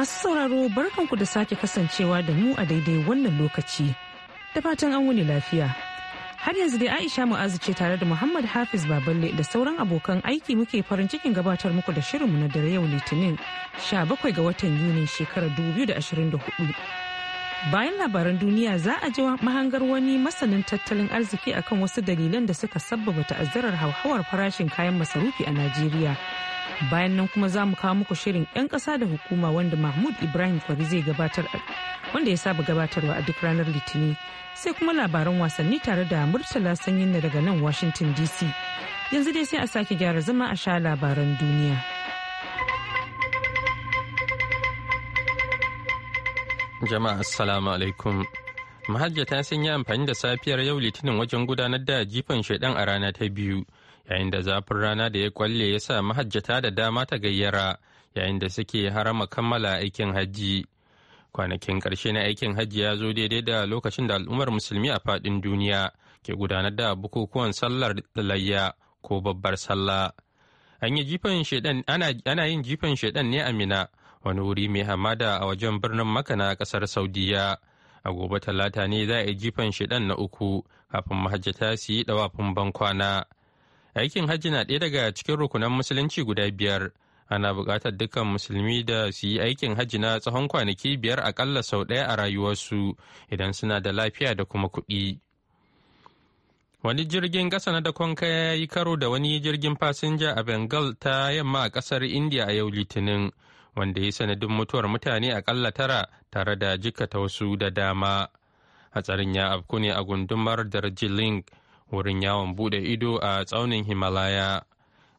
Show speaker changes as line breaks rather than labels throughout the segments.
Masu sauraro barkanku da sake kasancewa da mu a daidai wannan lokaci. Da fatan an wuni lafiya. Har yanzu dai Aisha Mu'azu ce tare da Muhammad Hafiz Baballe da sauran abokan aiki muke farin cikin gabatar muku da shirinmu na dare yau Litinin 17 ga watan Yuni shekarar 2024. Bayan labaran duniya za a ji mahangar wani masanin tattalin arziki akan wasu dalilan da suka sabbaba ta'azzarar hauhawar farashin kayan masarufi a Najeriya. bayan nan kuma za mu kawo muku shirin 'yan ƙasa da hukuma wanda mahmud ibrahim kwari zai gabatar wanda ya saba gabatarwa a duk ranar litinin sai kuma labaran wasanni tare da murtala na daga nan washington dc yanzu dai sai a sake gyara zama a sha labaran duniya
jama'a assalamu alaikum mahajjata sun yi amfani da safiyar yau litinin wajen gudanar da jifan shaidan a rana ta biyu yayin da zafin rana da ya kwalle ya sa mahajjata da dama ta gayyara yayin da suke harama kammala aikin hajji kwanakin karshe na aikin hajji ya zo daidai da lokacin da al'ummar musulmi a faɗin duniya ke gudanar da bukukuwan sallar layya ko babbar sallah an yi jifan shedan ana yin jifan shedan ne a mina wani wuri mai hamada a wajen birnin maka na ƙasar saudiya a gobe talata ne za a yi jifan shedan na uku kafin mahajjata su yi ɗawafin bankwana aikin hajji na ɗaya daga cikin rukunan musulunci guda biyar ana buƙatar dukkan musulmi da su yi aikin hajji na tsawon kwanaki biyar aƙalla sau ɗaya a rayuwarsu idan suna da lafiya da kuma kuɗi. wani jirgin ƙasa na dakon kaya ya yi karo da wani jirgin fasinja a bengal ta yamma a ƙasar india a yau litinin wanda ya sanadin mutuwar mutane aƙalla tara tare da jikata wasu da dama hatsarin ya afku ne a gundumar darjeeling wurin yawon bude ido a tsaunin himalaya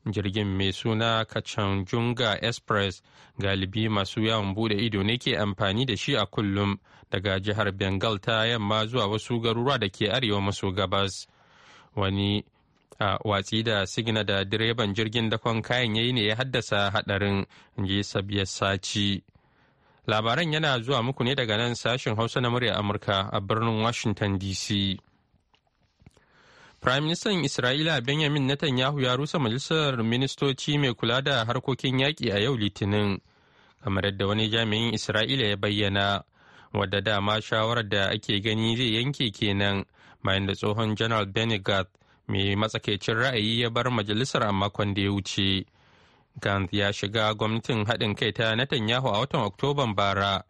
jirgin mai suna kachanjunga express galibi masu yawon bude ido ne ke amfani da shi a kullum daga jihar bengal ta yamma zuwa wasu garuruwa da ke arewa maso gabas wani a watsi da sigina da direban jirgin dakon kayan yayi ne ya haddasa hadarin inji sabiyar saci labaran yana zuwa muku ne daga nan sashen hausa na murya amurka a birnin washington dc Firaministan Isra'ila Benjamin Netanyahu ya rusa majalisar ministoci mai kula da harkokin yaƙi a yau Litinin, kamar yadda wani jami'in Isra'ila ya bayyana, wadda dama shawarar da ake gani zai yanke kenan bayan da tsohon General Benny Gantz mai matsakaicin ra'ayi ya bar majalisar a makon da ya wuce. Gantz ya shiga gwamnatin haɗin kai ta Netanyahu a watan Oktoban bara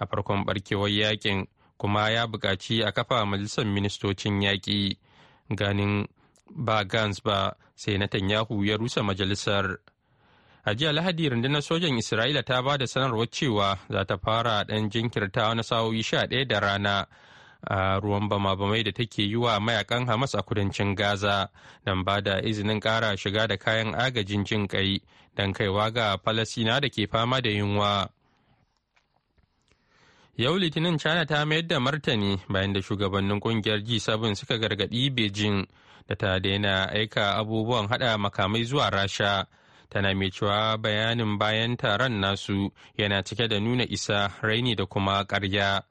a farkon barkewar yakin kuma ya buƙaci a kafa majalisar ministocin yaƙi. ganin ba Gans ba sai Netanyahu ya rusa majalisar. A jiya Lahadi rundunar sojan Isra'ila ta ba da sanarwar cewa za ta fara ɗan jinkirta na sa'o'i sha ɗaya da rana a ruwan bama-bamai da take yi wa mayakan Hamas a kudancin Gaza don ba da izinin ƙara shiga da kayan agajin jin ƙai don kaiwa ga Falasina da ke fama da yunwa. Yau Litinin China ta mayar da martani bayan da shugabannin kungiyar G7 suka gargaɗi Beijing da ta daina aika abubuwan hada makamai zuwa Rasha. Tana mai cewa bayanin bayan taron nasu yana cike da nuna isa raini da kuma karya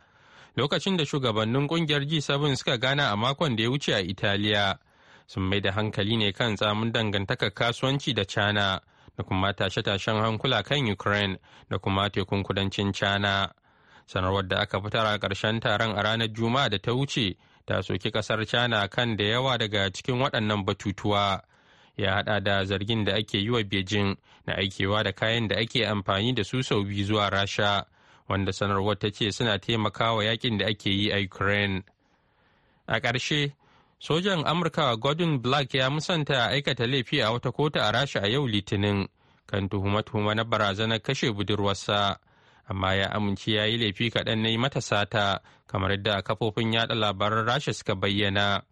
Lokacin da shugabannin kungiyar G7 suka gana a makon da ya wuce a Italiya, sun mai da hankali ne kan tsamin dangantaka kasuwanci da China da kuma tashe-tashen hankula kan Ukraine da kuma tekun kudancin China. sanarwar da aka fitar a ƙarshen taron a ranar juma'a da ta wuce ta soki ƙasar china kan da yawa daga cikin waɗannan batutuwa ya hada da zargin da ake yi wa beijing na aikewa da kayan da ake amfani da su sau biyu zuwa rasha wanda sanarwar ta ce suna taimakawa yakin da ake yi a ukraine a ƙarshe sojan amurka gordon black ya musanta aikata laifi a wata kota a rasha a yau litinin kan tuhuma-tuhuma na barazanar kashe budurwarsa amma ya amince ya yi laifi kaɗan na yi mata sata kamar yadda kafofin yada labaran rasha suka bayyana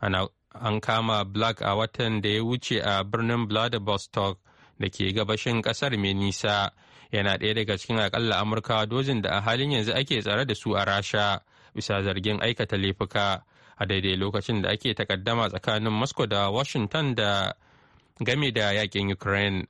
an kama black a watan da ya wuce a birnin vladivostok da ke gabashin ƙasar mai nisa yana ɗaya daga cikin akalla amurka dozin da a halin yanzu ake tsare da su a rasha bisa zargin aikata laifuka a daidai lokacin da ake takaddama tsakanin moscow da washington da game da yakin ukraine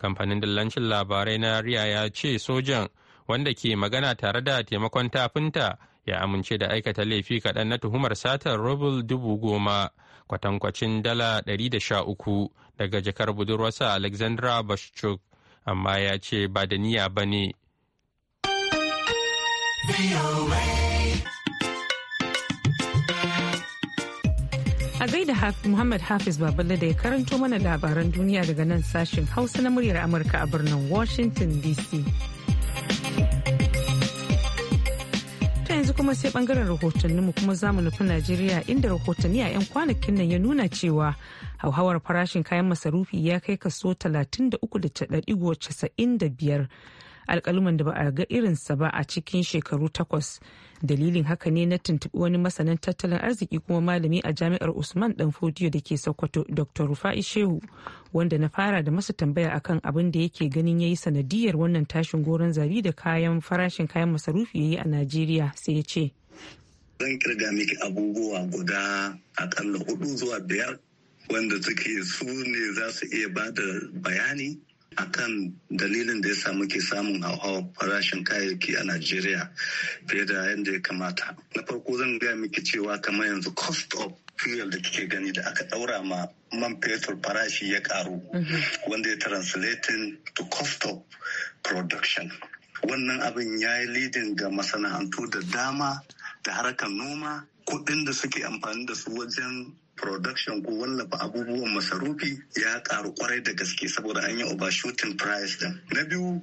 kamfanin dillancin labarai na riya ya ce sojan wanda ke magana tare da taimakon tafinta ya amince da aikata laifi kaɗan na tuhumar satar rubul dubu goma kwatankwacin dala ɗari da sha uku daga jakar budurwarsa alexandra bashchuk amma ya ce ba da niya ba ne.
A gaida Muhammad Hafiz Baballe da ya karanto mana labaran duniya daga nan sashen Hausa na muryar Amurka a birnin Washington DC. Ta yanzu kuma sai bangaren rahotanninmu kuma zamu nufi Najeriya inda rahotanni a 'yan kwanakin nan ya nuna cewa hauhawar farashin kayan masarufi ya kai kaso 33.95 alkaluman da ba a ga irinsa ba a cikin shekaru takwas dalilin haka ne na tuntuɓi wani masanin tattalin arziki kuma malami a jami'ar usman dan fodiyo da ke sokoto dr rufa'i shehu wanda na fara da masa tambaya akan abin da yake ganin ya yi sanadiyar wannan tashin goron zabi da kayan farashin kayan masarufi ya yi a najeriya sai ya ce
zan kirga miki abubuwa guda akalla hudu zuwa biyar wanda suke su ne za su iya ba da bayani akan dalilin da ya sa muke samun hauhawar farashin kayayyaki a Najeriya fiye da yadda ya kamata. Na farko zan gaya miki cewa kamar yanzu cost of fuel da kike gani da aka daura ma man fetur farashi ya karu wanda ya translating to cost of production. Wannan abin ya yi leading ga masana'antu da dama da harkar noma kuɗin da suke amfani da su wajen production ko wallafa abubuwan masarufi ya karu kwarai da gaske saboda an yi overshooting price din na biyu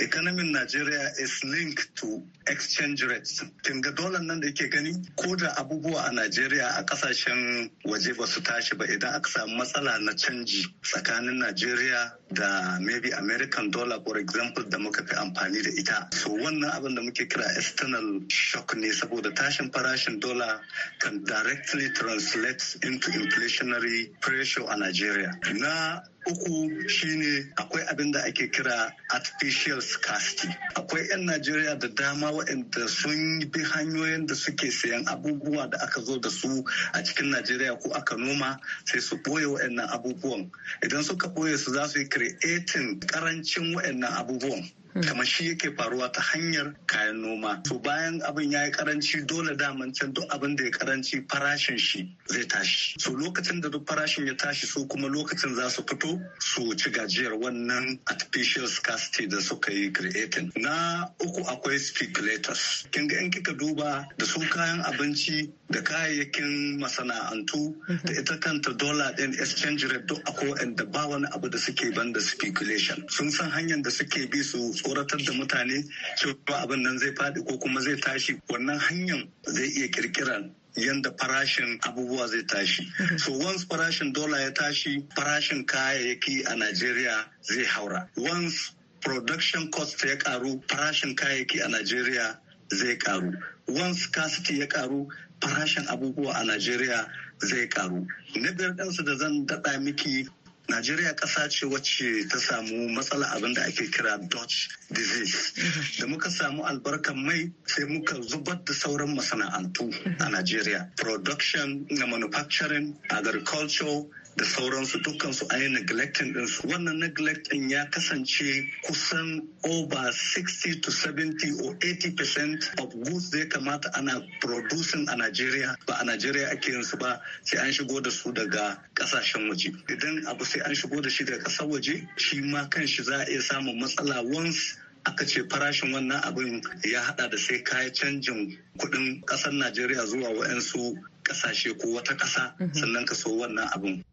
economy Nigeria is linked to exchange rates. Kin ga nan da yake gani ko da abubuwa a Nigeria a kasashen waje ba su tashi ba idan aka samu matsala na canji tsakanin Nigeria da maybe American dollar for example da muka fi amfani da ita. So wannan abin da muke kira external shock ne saboda tashin farashin dollar can directly translate into inflationary pressure a Nigeria. Na uku shine akwai abin da ake kira artificial scarcity akwai 'yan najeriya da dama waɗanda sun bi hanyoyin da suke sayan abubuwa da aka zo da su a cikin najeriya ko aka noma sai su ɓoye waɗannan abubuwan idan suka ɓoye su za su yi creating karancin waɗannan abubuwan Hmm. kamar shi yake faruwa ta hanyar kayan noma to bayan abin ya yi karanci dole daman can duk abin da ya karanci farashin shi zai tashi so lokacin da duk farashin ya tashi su kuma lokacin za su fito su ci gajiyar wannan artificial scarcity da suka yi creating na uku akwai speculators kin ga in kika duba da su kayan abinci da kayayyakin masana'antu hmm. da ita kanta dollar din exchange rate duk akwai wanda ba wani abu da suke banda speculation sun san hanyar da suke bi su tsoratar da mutane cewa abin nan zai faɗi ko kuma zai tashi wannan hanyar zai iya kirkiran yadda farashin abubuwa zai tashi. Mhm. So once farashin dola ya tashi, farashin kayayyaki a Najeriya zai haura. Once production cost ya karu, farashin kayayyaki a Najeriya zai karu. Once scarcity ya karu, farashin abubuwa a Najeriya zai karu. Na biyar ɗansu da zan daɗa miki Najeriya ƙasa ce wacce ta samu matsala abin da ake kira Dutch disease da muka samu albarkan mai sai muka zubar da sauran masana'antu a Najeriya production na manufacturing agriculture da sauransu dukansu an yi neglecting ɗinsu wannan neglect ɗin ya kasance kusan over 60 to 70 or 80 percent of goods da ya kamata ana producing a Najeriya ba a Najeriya ake yin su ba sai an shigo da su daga kasashen waje idan abu sai an shigo da shi daga ƙasar waje shi ma kan shi za a iya samun matsala once aka ce farashin wannan abin ya hada da sai kayan canjin kudin kasar najeriya zuwa waɗansu kasashe ko wata kasa mhm. sannan ka so wannan abin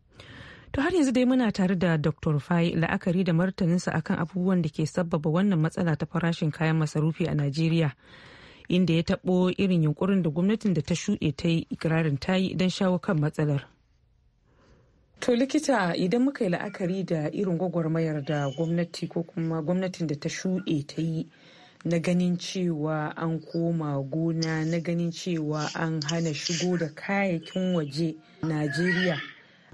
To har yanzu dai muna tare da Dr. Fai la'akari da martaninsa akan abubuwan da ke sabbaba wannan matsala ta farashin kayan masarufi a Najeriya. Inda ya taɓo irin yunkurin da gwamnatin da ta shuɗe ta yi ikirarin ta yi don shawo kan matsalar. To likita idan muka yi la'akari da irin gwagwarmayar da gwamnati ko kuma gwamnatin da ta shuɗe ta yi na ganin cewa an koma gona na ganin cewa an hana shigo da kayayyakin waje Najeriya.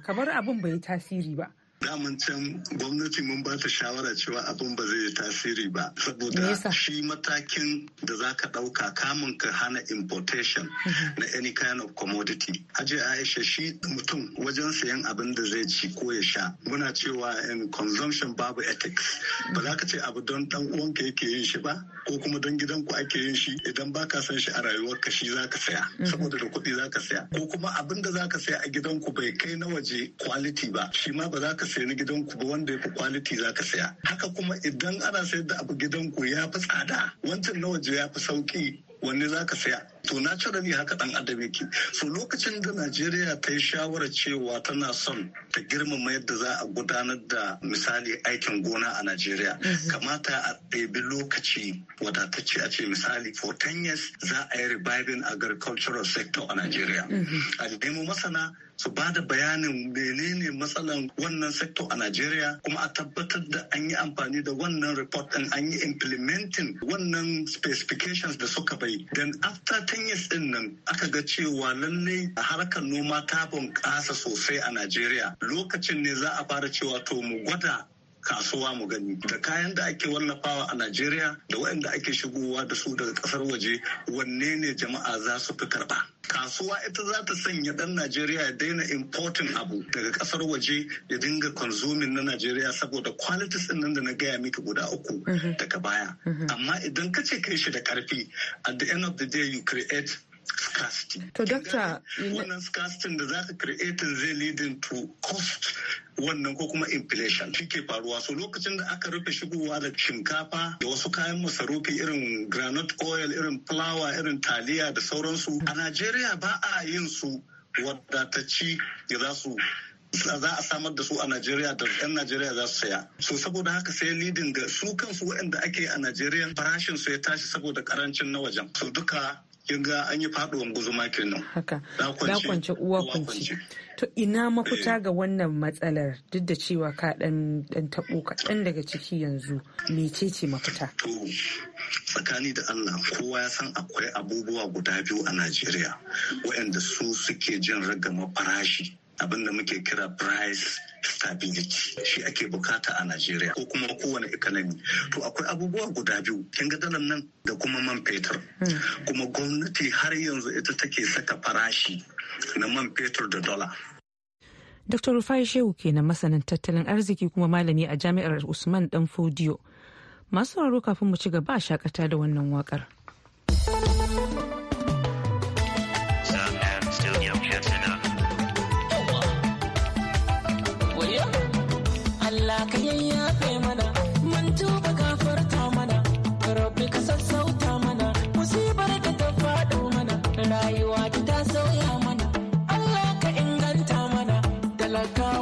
Kamar abin bai yi tasiri ba.
daman can gwamnati mun ba ta shawara cewa abin ba zai tasiri ba saboda shi matakin da za ka ɗauka kamun ka hana importation mhm. na any kind of commodity aje aisha shi mutum wajen sayan abin da zai ci ko ya sha muna cewa in consumption babu ethics ba za ka ce abu don dan uwanka yake yin shi ba ko kuma don gidan ku ake yin shi idan ba ka san shi a rayuwar ka shi za ka saya mhm. saboda da kuɗi za ka saya ko kuma abin da za ka saya a gidan ku bai kai na waje quality ba shi ma ba za ka sayi na ku ba wanda ya fi kwaliti za ka saya haka kuma idan ana sayar da abu gidanku ya fi tsada wancan na waje ya fi sauki wanne za ka saya to naturally haka dan adam yake so lokacin da najeriya ta yi shawarar cewa tana son ta girmama yadda za a gudanar da misali aikin gona a najeriya mhm. kamata a ɗebi lokaci wadatacce a ce misali for 10 years za a yi reviving agricultural sector a najeriya mhm. a nemo masana su ba da bayanin menene matsalan wannan sekto a Najeriya kuma a tabbatar da an yi amfani da wannan report din an yi implementing wannan specifications da suka bai. Then after 10 years din nan aka ga cewa lallai harkar noma ta bunƙasa sosai a Najeriya. Lokacin ne za a fara cewa to mu gwada kasuwa mu gani da kayan da ake wallafawa a Najeriya da waɗanda ake shigowa da su daga ƙasar waje wanne ne jama'a za su fi karɓa. kasuwa ita za ta sanya dan najeriya ya daina importing abu daga kasar waje ya dinga consuming na najeriya saboda qualities din nan da na gaya miki guda uku mhm. daga baya mhm. amma idan ka ce kai shi da karfi at the end of the day you create scarcity. To wannan da za ka creating zai leading to cost wannan ko kuma inflation shi ke faruwa so lokacin da aka rufe shigowa da shinkafa da wasu kayan masarufi irin granite oil irin flour irin taliya da sauransu a Najeriya ba a yin su wadatacci da za su za a samar da su a Najeriya da 'yan Najeriya za su saya. So saboda haka sai leading ga su kansu waɗanda ake a Najeriya farashin su ya tashi saboda karancin na wajen. So duka kin ga an yi faduwan guzuma kenan
haka da kwance uwa kwance to ina mafita eh. ga wannan matsalar duk da cewa ka dan dan tabo dan daga ciki yanzu mecece mafita to
tsakani da Allah kowa ya san akwai abubuwa guda biyu a Najeriya waɗanda su suke jin ragama farashi abinda muke kira price stability shi ake bukata a Najeriya ko kuma kowane economy to akwai abubuwa guda biyu kin ga dalar nan da kuma man fetur hmm. kuma gwamnati har yanzu ita take saka farashi na man fetur da dala
Dr. Rufai Shehu kenan masanin tattalin arziki kuma malami a jami'ar Usman danfodiyo Masu sauraro kafin mu ci gaba a shakata da wannan wakar. come.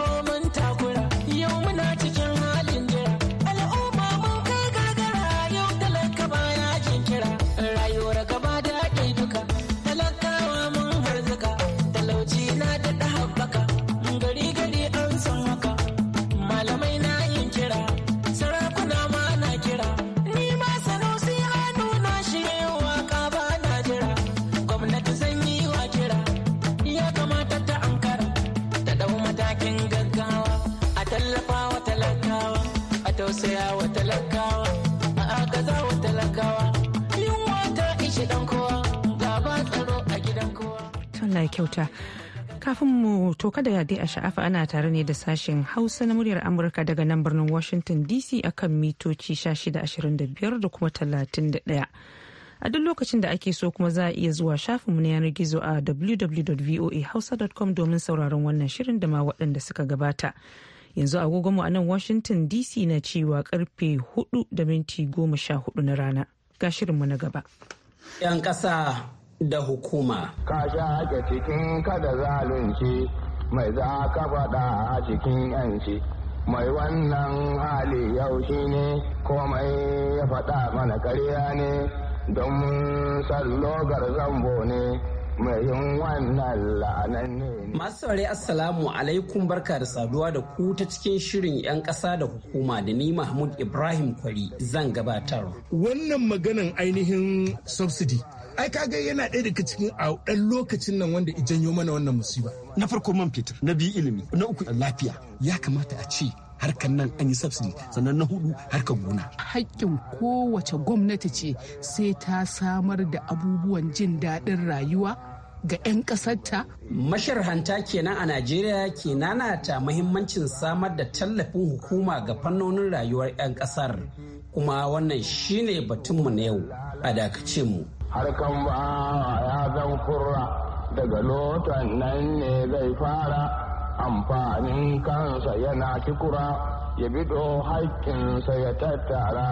To kada dai a sha'afa ana tare ne da sashen Hausa na muryar Amurka daga nan birnin Washington DC akan mitoci 1625 da kuma 31. A duk lokacin da ake so kuma za a iya zuwa shafinmu na yanar gizo a www.voahausa.com domin sauraron wannan shirin da ma waɗanda suka gabata. Yanzu agogonmu a nan Washington DC na cewa karfe 4 da minti 14 na rana. Ga shirinmu na gaba.
'Yan ƙasa da hukuma. Ka sha cikin kada zalunci mai za ka faɗa a
cikin yanci mai wannan hali yau shi ne komai ya faɗa mana karya ne don sallogar zambo ne
mai yin wannan la'anan ne. Masu saurari Assalamu alaikum barka da saduwa da ku ta cikin shirin 'yan ƙasa da hukuma da ni Mahmud Ibrahim Kwari zan gabatar.
Wannan maganan ainihin subsidy ai ga yana ɗaya daga cikin a
ɗan lokacin nan wanda janyo mana wannan musiba na farko man fetur na biyu ilimi na uku lafiya ya kamata a ce harkar nan an yi subsidy sannan na hudu harkar gona.
haƙƙin kowace gwamnati ce sai ta samar da abubuwan jin daɗin rayuwa ga 'yan ƙasarta. hanta kenan a Najeriya ke ta muhimmancin samar da tallafin hukuma ga fannonin rayuwar 'yan ƙasar. Kuma wannan shine batunmu na yau a dakace mu.
har harkan ba ya zan kurra daga lotan nan ne zai fara amfanin kansa yana kikura ya bido haƙƙinsa ya tattara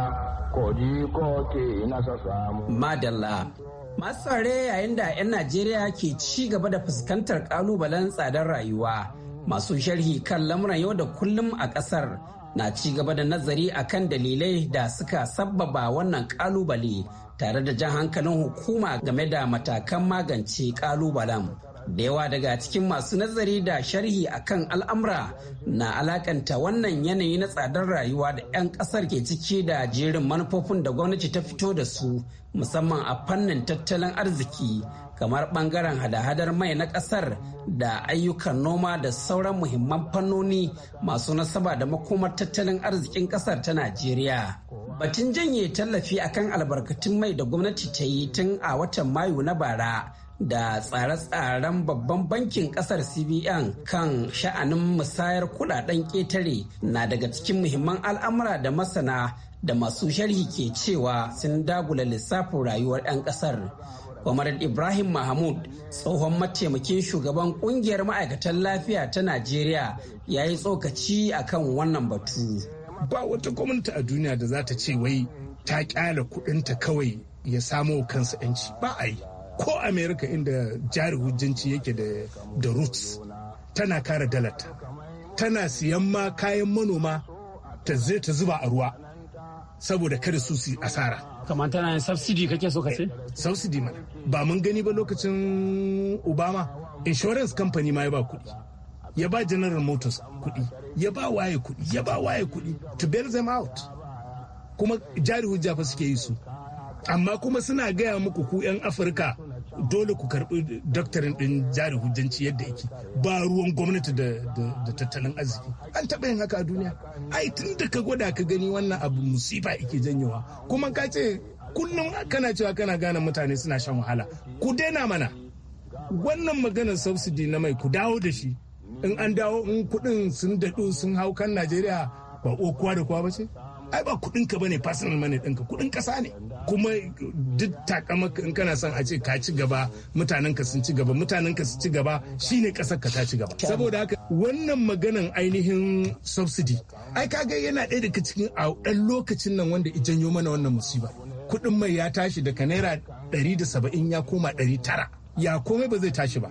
ji ko ke nasa samu. Madalla Masu tsare yayin da 'yan Najeriya ke ci gaba da fuskantar ƙalubalen tsadar rayuwa masu sharhi kan lamuran yau da kullum a ƙasar na ci gaba da nazari akan dalilai da suka sabbaba wannan kalubale tare da jan hankalin hukuma game da matakan magance kalubalen. Da yawa daga cikin masu nazari da sharhi akan al'amura na alakanta wannan yanayi na tsadar rayuwa da 'yan kasar ke ciki da jerin manufofin da gwamnati ta fito da su musamman a fannin tattalin arziki kamar bangaren hada-hadar mai na kasar da ayyukan noma da sauran muhimman fannoni masu nasaba da makomar tattalin arzikin kasar ta najeriya batun janye tallafi akan albarkatun mai da gwamnati ta yi tun a watan mayu na bara da tsare-tsaren babban bankin kasar cbn kan sha'anin musayar kudaden ketare na daga cikin muhimman al'amura da masana da masu sharhi ke cewa sun dagula lissafin rayuwar 'yan kasar Umar Ibrahim Mahmud tsohon mataimakin shugaban kungiyar ma'aikatan lafiya ta Najeriya ya yi tsokaci a akan wannan batu. Ba wata gwamnati a duniya da za ta ce wai
ta kyale kudinta kawai ya samo kansa 'yanci ba a yi. Ko Amerika inda jari hujjanci yake da roots tana kara dalata tana siyan ma kayan manoma ta zai ta zuba a ruwa saboda kada su su asara. kamar tana yin subsidy kake so ka ce? subsidy mana ba mun gani ba lokacin obama insurance company ma ya ba kuɗi ya ba general motors kuɗi ya ba waye kuɗi ya ba waye kuɗi to bail them out kuma jari hujja fa suke yi su amma kuma suna gaya muku ku 'yan afirka dole ku karbi doktorin din jari hujjanci yadda yake ba ruwan gwamnati da tattalin arziki an taɓa yin haka a duniya ai tun da ka gwada ka gani wannan abu musifa yake janyowa kuma ka ce kullum kana cewa kana gane mutane suna shan wahala ku daina mana wannan maganar subsidy na mai ku dawo da shi in an dawo in kuɗin sun daɗu sun hau kan najeriya ba kowa da kowa ba ce ai ba kuɗin ka bane personal money ɗinka kuɗin kasa ne kuma duk takamaka in kana son a ce ka ci gaba mutanen ka sun ci gaba mutanen ka sun ci gaba shine ƙasar ka ta ci gaba saboda haka wannan maganan ainihin subsidy ai kaga yana ɗaya daga cikin a Dan lokacin nan wanda i janyo mana wannan musiba kuɗin mai ya tashi daga naira ɗari da saba'in ya koma ɗari tara ya komai ba zai tashi ba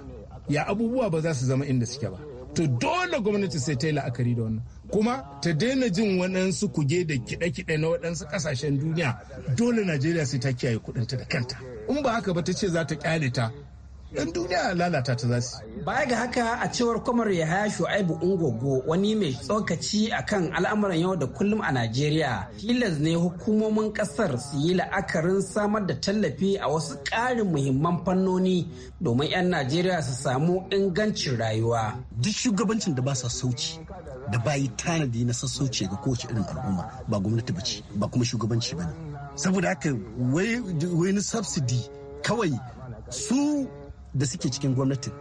ya abubuwa ba za su zama inda suke ba to dole gwamnati sai ta yi la'akari da wannan kuma ta daina jin waɗansu kuge da kiɗe-kiɗe na waɗansu ƙasashen duniya dole najeriya sai ta kiyaye kuɗinta da kanta in ba haka ba ta ce za ta kyale ta
dan duniya lalata ta zasu. Baya ga haka a cewar kwamar ya haya shu'aibu ungogo wani mai tsokaci akan al'amuran yau da kullum a Najeriya. Tilas ne hukumomin kasar su yi la'akarin samar da tallafi a wasu ƙarin muhimman fannoni domin 'yan Najeriya su samu ingancin rayuwa. Duk shugabancin da ba sa sauci
da bayi tanadi na sassauci ga kowace irin al'umma ba gwamnati ba ce ba kuma shugabanci ba ne. Saboda haka wani subsidy kawai su da suke cikin gwamnatin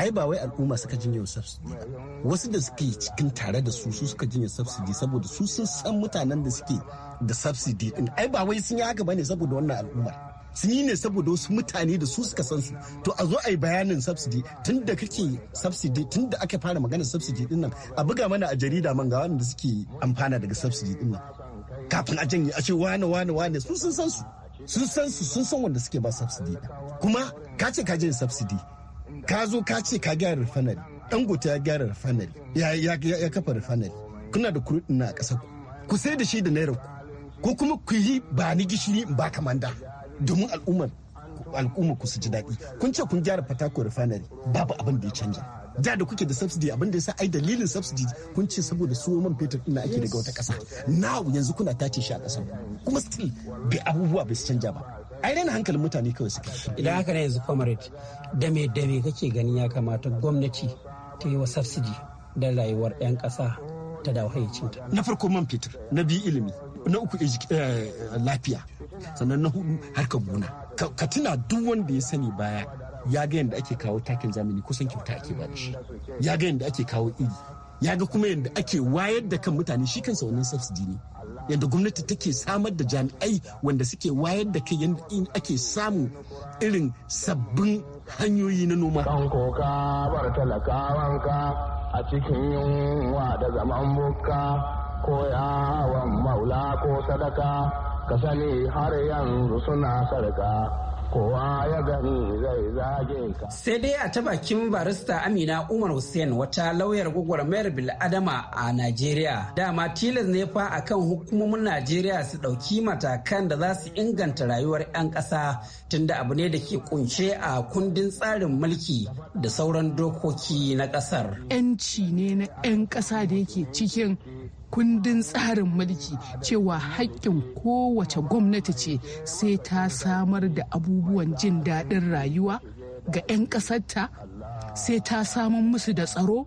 ai ba wai al'umma suka jinyar subsidy ba wasu da suke cikin tare da su su suka jinyar subsidy saboda su sun san mutanen da suke da subsidy din ai ba wai sun yi haka bane saboda wannan al'ummar sun yi ne saboda wasu mutane da su suka san su to a zo a yi bayanin subsidy tun da kake subsidy tun da aka fara magana subsidy din nan a buga mana a jarida man ga wanda suke amfana daga subsidy din nan kafin a janye a ce wane wane wane su sun san su sun san su sun san wanda suke ba subsidy kuma ka ce ka jin subsidy ka zo ka ce ka gyara refinery dangote ya gyara refinery ya kafa refinery kuna da crude na a ƙasa ku sai da shi da naira ku ko kuma ku yi ba ni gishiri in ba kamanda domin al'ummar al'umma ku su ji daɗi kun ce kun gyara fatako refinery babu abin da ya canja da da kuke da subsidy abin da yasa ai dalilin subsidy kun ce saboda su man fetur din ake daga wata kasa now yanzu kuna tace shi a kasar kuma still
bai abubuwa bai canja ba ai rena hankalin mutane kawai suke idan haka ne yanzu comrade da me da me kake ganin ya kamata gwamnati ta yi wa subsidy da rayuwar 'yan kasa ta dawo hayyacinta
na farko man fetur na biyu ilimi na uku eh, lafiya sannan na hudu harkar gona ka tuna duk wanda ya sani baya ya ga yadda ake kawo takin zamani kusan kyauta ake ba shi ya ga yadda ake kawo iri ya ga kuma yadda ake wayar da kan mutane shi kansa wannan subsidy ne yadda gwamnati take samar da jami'ai wanda suke wayar da kai yadda ake samun irin sabbin hanyoyi na noma. Kan koka a cikin yunwa da zaman bukka ko yawon maula ko sadaka ka sani har yanzu suna sarka. kowa ya gani zai zage
ka. Sai dai a ta bakin barista Amina Umar Hussein wata lauyar gwagwarmayar Bil'adama a Najeriya. Dama tilas ne fa akan hukumomin Najeriya su ɗauki matakan da za su inganta rayuwar 'yan ƙasa tunda abu ne da ke kunshe a kundin tsarin mulki da sauran dokoki na ƙasar. 'Yanci ne na 'yan ƙasa da yake cikin kundin tsarin mulki cewa haƙƙin kowace gwamnati ce sai ta samar da abubuwan jin daɗin rayuwa ga 'yan ƙasarta sai ta samun musu da tsaro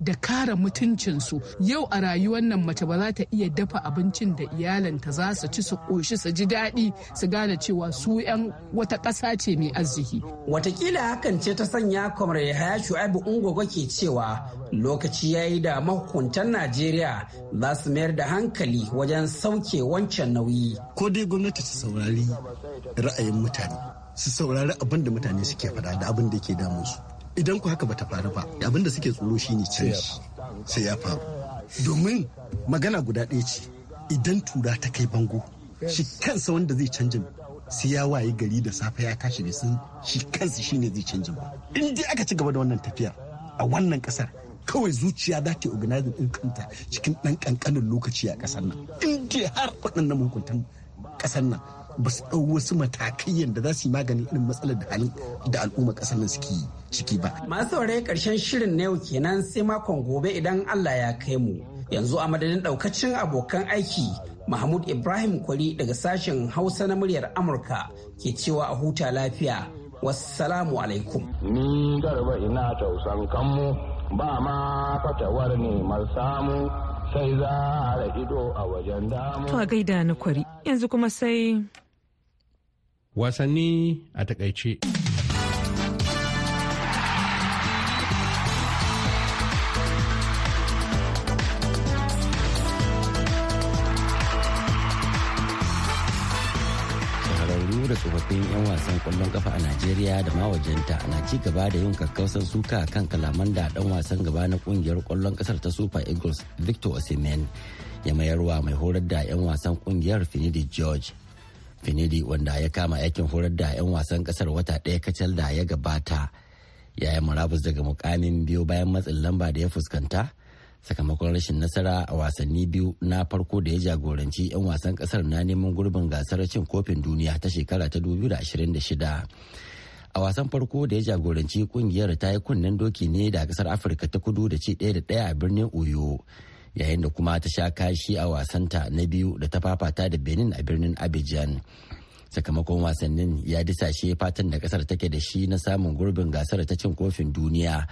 da kare mutuncinsu yau a rayuwar nan mace ba za ta iya dafa abincin da iyalanta za su ci su ƙoshi su ji daɗi su gane cewa su 'yan wata ƙasa ce mai arziki. Watakila hakan ce ta sanya kwamar Yahaya Shu'aibu Ungogo ke cewa lokaci yayi da mahukuntan Najeriya za su mayar da hankali wajen sauke wancan nauyi. Ko dai gwamnati su saurari ra'ayin mutane, su saurari abin da mutane suke faɗa da abin
da ke su. idan ku haka bata faru ba abinda suke tsoro shine canji sai ya faru domin magana guda ɗaya ce idan tura ta kai bango shi kansa wanda zai canjin sai ya waye gari da safe ya tashi ne sun shi kansa shine zai canjin ba in dai aka ci gaba da wannan tafiya a wannan kasar kawai zuciya za ta organize din kanta cikin dan kankanin lokaci a kasar nan in dai har waɗannan mahukuntan kasar nan ba su ɗau wasu matakai yadda za su yi magani irin matsalar da halin da al'umma kasar nan
suke yi ciki ba.
Masu karshen shirin na yau kenan sai makon gobe idan Allah ya kai mu. Yanzu a madadin daukacin abokan aiki Mahmud Ibrahim Kwari daga sashen Hausa na muryar Amurka ke cewa a huta lafiya. Wassalamu alaikum. Ni garba ina tausan kanmu ba ma fatawar ne
samu sai za a ido a wajen damu. To
gaida na kwari yanzu kuma sai.
Wasanni a takaice.
tsofaffin 'yan wasan kwallon kafa a najeriya da ma wajenta na ci gaba da yin kakkausan suka kan kalaman da dan wasan gaba na kungiyar kwallon kasar ta super eagles victor osimhen ya mayarwa mai horar da 'yan wasan kungiyar finidi george finidi wanda ya kama aikin horar da 'yan wasan kasar wata ɗaya kacal da ya gabata ya yi murabus daga mukamin biyu bayan matsin lamba da ya fuskanta sakamakon rashin nasara a wasanni biyu na farko da ya jagoranci 'yan wasan kasar na neman gurbin gasar cin kofin duniya ta shekara ta 2026 a wasan farko da ya jagoranci kungiyar ta yi kunnen doki ne da kasar afirka ta kudu da ci daya da ɗaya a birnin oyo yayin da kuma ta sha kashi a wasanta na biyu da ta fafata da benin a birnin abidjan sakamakon wasannin ya disashe fatan da kasar take da shi na samun gurbin gasar ta cin kofin duniya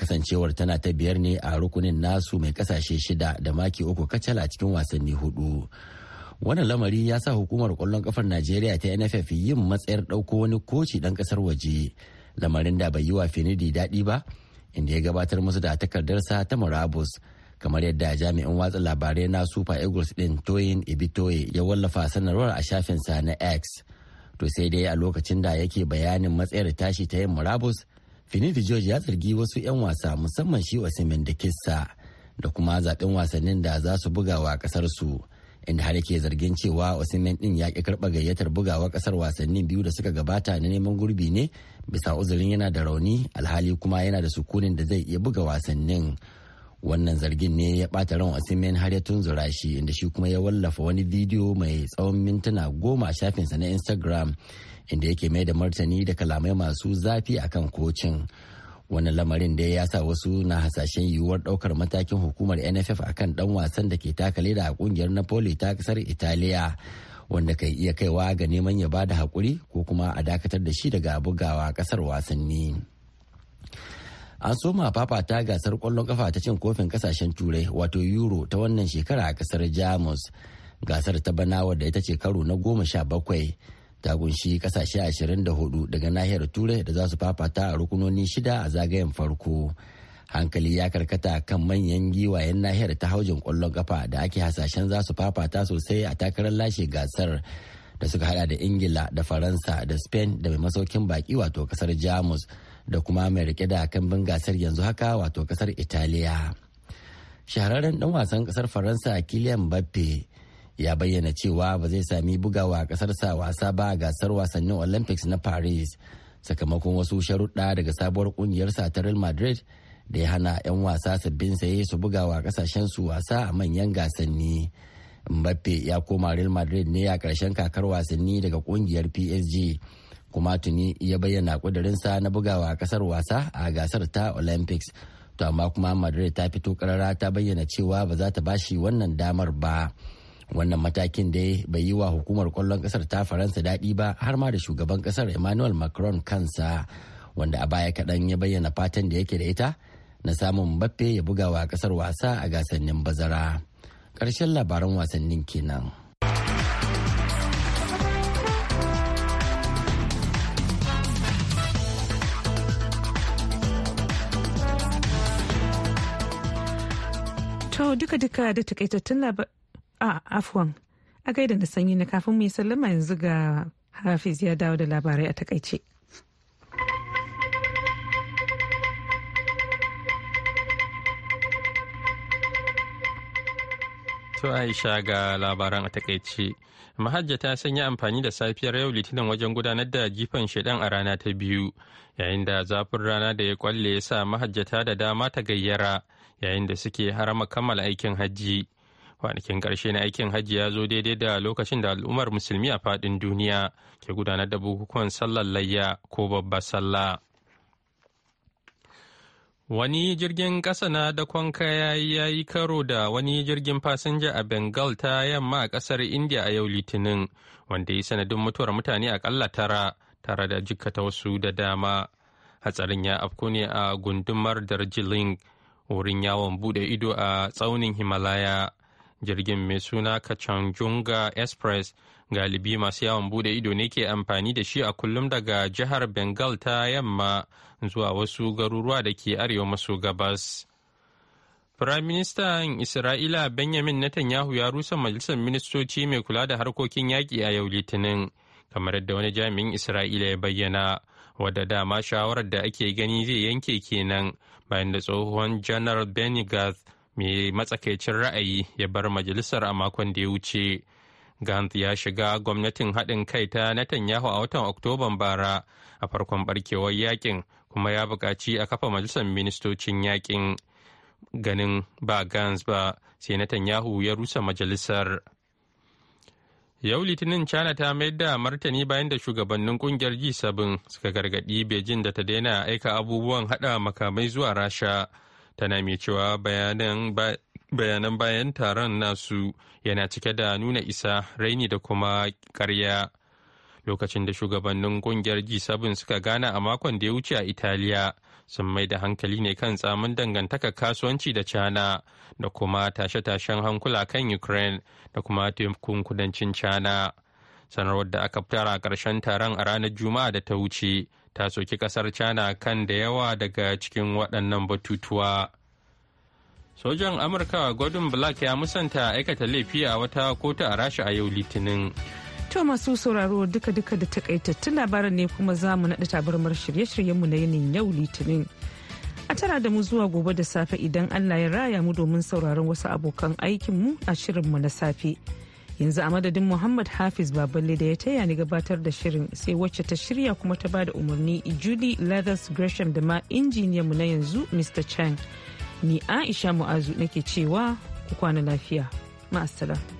kasancewar tana ta biyar ne a rukunin nasu mai kasashe shida da maki uku kacal a cikin wasanni hudu wannan lamari ya sa hukumar kwallon kafar najeriya ta nff yin matsayar ɗauko wani koci dan ƙasar waje lamarin da bai yi wa finidi daɗi ba inda ya gabatar musu da takardarsa ta murabus kamar yadda jami'in watsa labarai na super eagles ɗin toyin ibitoye ya wallafa sanarwar a shafinsa na x to sai dai a lokacin da yake bayanin matsayar tashi ta yin murabus Finidi George ya zargi wasu 'yan wasa musamman shi Osimhen da Kissa da kuma zaɓen wasannin da za su bugawa ƙasar su inda har yake zargin cewa Osimhen din ya ƙi karɓa gayyatar bugawa ƙasar wasannin biyu da suka gabata na neman gurbi ne bisa uzurin yana da rauni alhali kuma yana da sukunin da zai iya buga wasannin. wannan zargin ne ya ɓata ran wasimin har ya tunzura shi inda shi kuma ya wallafa wani bidiyo mai tsawon mintuna goma a shafinsa na instagram inda yake mai da martani da kalamai masu zafi akan kocin wani lamarin da ya sa wasu na hasashen yiwuwar daukar matakin hukumar nff akan dan wasan da ke taka leda a kungiyar napoli ta kasar italiya wanda kai iya kaiwa ga neman ya bada hakuri ko kuma a dakatar da shi daga bugawa kasar wasanni. an soma fafata gasar kwallon kafa ta cin kofin kasashen turai wato euro ta wannan shekara a kasar jamus gasar ta bana wadda ita ce karo na goma sha bakwai ta kunshi kasashe ashirin da hudu daga nahiyar turai da za su fafata a rukunoni shida a zagayen farko hankali ya karkata kan manyan giwayen nahiyar ta haujin kwallon kafa da ake hasashen za su fafata sosai a takarar lashe gasar da suka hada da ingila da faransa da spain da mai masaukin baki wato kasar jamus da kuma mai rike da kambin gasar yanzu haka wato kasar italiya shahararren dan wasan kasar faransa kylian mbappe ya bayyana cewa ba zai sami bugawa kasarsa wasa ba a gasar wasannin olympics na paris sakamakon wasu sharuɗa daga sabuwar ƙungiyarsa ta real madrid da ya hana 'yan wasa sabbin saye su bugawa su wasa a manyan gasanni mbappe ya koma real madrid ne a ƙarshen kakar wasanni daga ƙungiyar psg kuma tuni ya bayyana kudurinsa na bugawa kasar wasa a gasar ta olympics to amma kuma madrid ta fito karara ta bayyana cewa ba za ta bashi wannan damar ba wannan matakin dai bai yi wa hukumar kwallon kasar ta faransa daɗi ba har ma da shugaban kasar emmanuel macron kansa wanda a baya kaɗan ya bayyana fatan da yake da ita na samun mbappe ya bugawa kasar wasa a gasannin bazara ƙarshen labaran wasannin kenan.
oh, duka-duka da takaitattun labar a afuwan a gaida na sanyi na kafin mu yi sallama yanzu ga Hafiz ya dawo da labarai a takaice.
To Aisha ga labaran a takaice. Mahajja ta sanya amfani da safiyar yau litinin wajen gudanar da jifan shaidan a rana ta biyu, yayin da zafin rana da ya kwalle ya sa mahajjata da dama ta gayyara. yayin da suke harama kammala aikin hajji kwanakin karshe na aikin hajji ya zo daidai da lokacin da al'ummar musulmi a faɗin duniya ke gudanar da bukukuwan sallar layya ko babbar sallah wani jirgin ƙasa na dakon kaya ya yi karo da wani jirgin fasinja a bengal ta yamma a ƙasar india a yau litinin wanda ya sanadin mutuwar mutane aƙalla tara tare da jikkata wasu da dama hatsarin ya afku ne a gundumar darjiling wurin yawon bude ido a tsaunin himalaya jirgin mai suna kachanjunga express galibi masu yawon bude ido ne ke amfani da shi a kullum daga jihar bengal ta yamma zuwa wasu garuruwa da ke arewa maso gabas ministan Isra'ila Benjamin Netanyahu ya rusa majalisar ministoci mai kula da harkokin yaƙi a yau litinin, kamar yadda wani jami'in Isra'ila ya bayyana, wadda dama shawarar da ake gani zai yanke kenan bayan da tsohon janar benny mai matsakaicin ra'ayi ya bar majalisar a makon da ya wuce gantz ya shiga gwamnatin haɗin kai ta netanyahu a watan oktoban bara a farkon barkewar yakin kuma ya buƙaci a kafa majalisar ministocin yakin ganin ba gans ba sai netanyahu ya rusa majalisar Yau Litinin China ta mayar da martani bayan da shugabannin kungiyar G7 suka gargaɗi Beijing da ta daina aika abubuwan haɗa makamai zuwa Rasha. Tana mai cewa bayanan bayan taron nasu yana cike da nuna isa raini da kuma karya. Lokacin da shugabannin kungiyar G7 suka gana a makon da ya wuce a Italiya, sun mai da hankali ne kan tsamin dangantaka kasuwanci da china da kuma tashe-tashen hankula kan ukraine da kuma taimakon kudancin china sanarwar da aka fitar a ƙarshen taron a ranar juma'a da ta wuce ta soki ƙasar china kan da yawa daga cikin waɗannan batutuwa sojan amurka gordon black ya musanta aikata laifi a wata kotu a rasha a yau litinin To
masu sauraro duka-duka da takaitattun labaran ne kuma za mu naɗa tabarmar shirye-shiryenmu na yinin yau litinin. A tara da mu zuwa gobe da safe idan Allah ya raya mu domin sauraron wasu abokan mu a shirinmu na safe. Yanzu a madadin Muhammad Hafiz Baballe da ya taya ni gabatar da shirin sai wacce ta shirya kuma ta bada umarni Julie Leathers Gresham da ma mu na yanzu Mr. Chang. Ni Aisha Mu'azu nake cewa ku kwana lafiya. Ma'asala.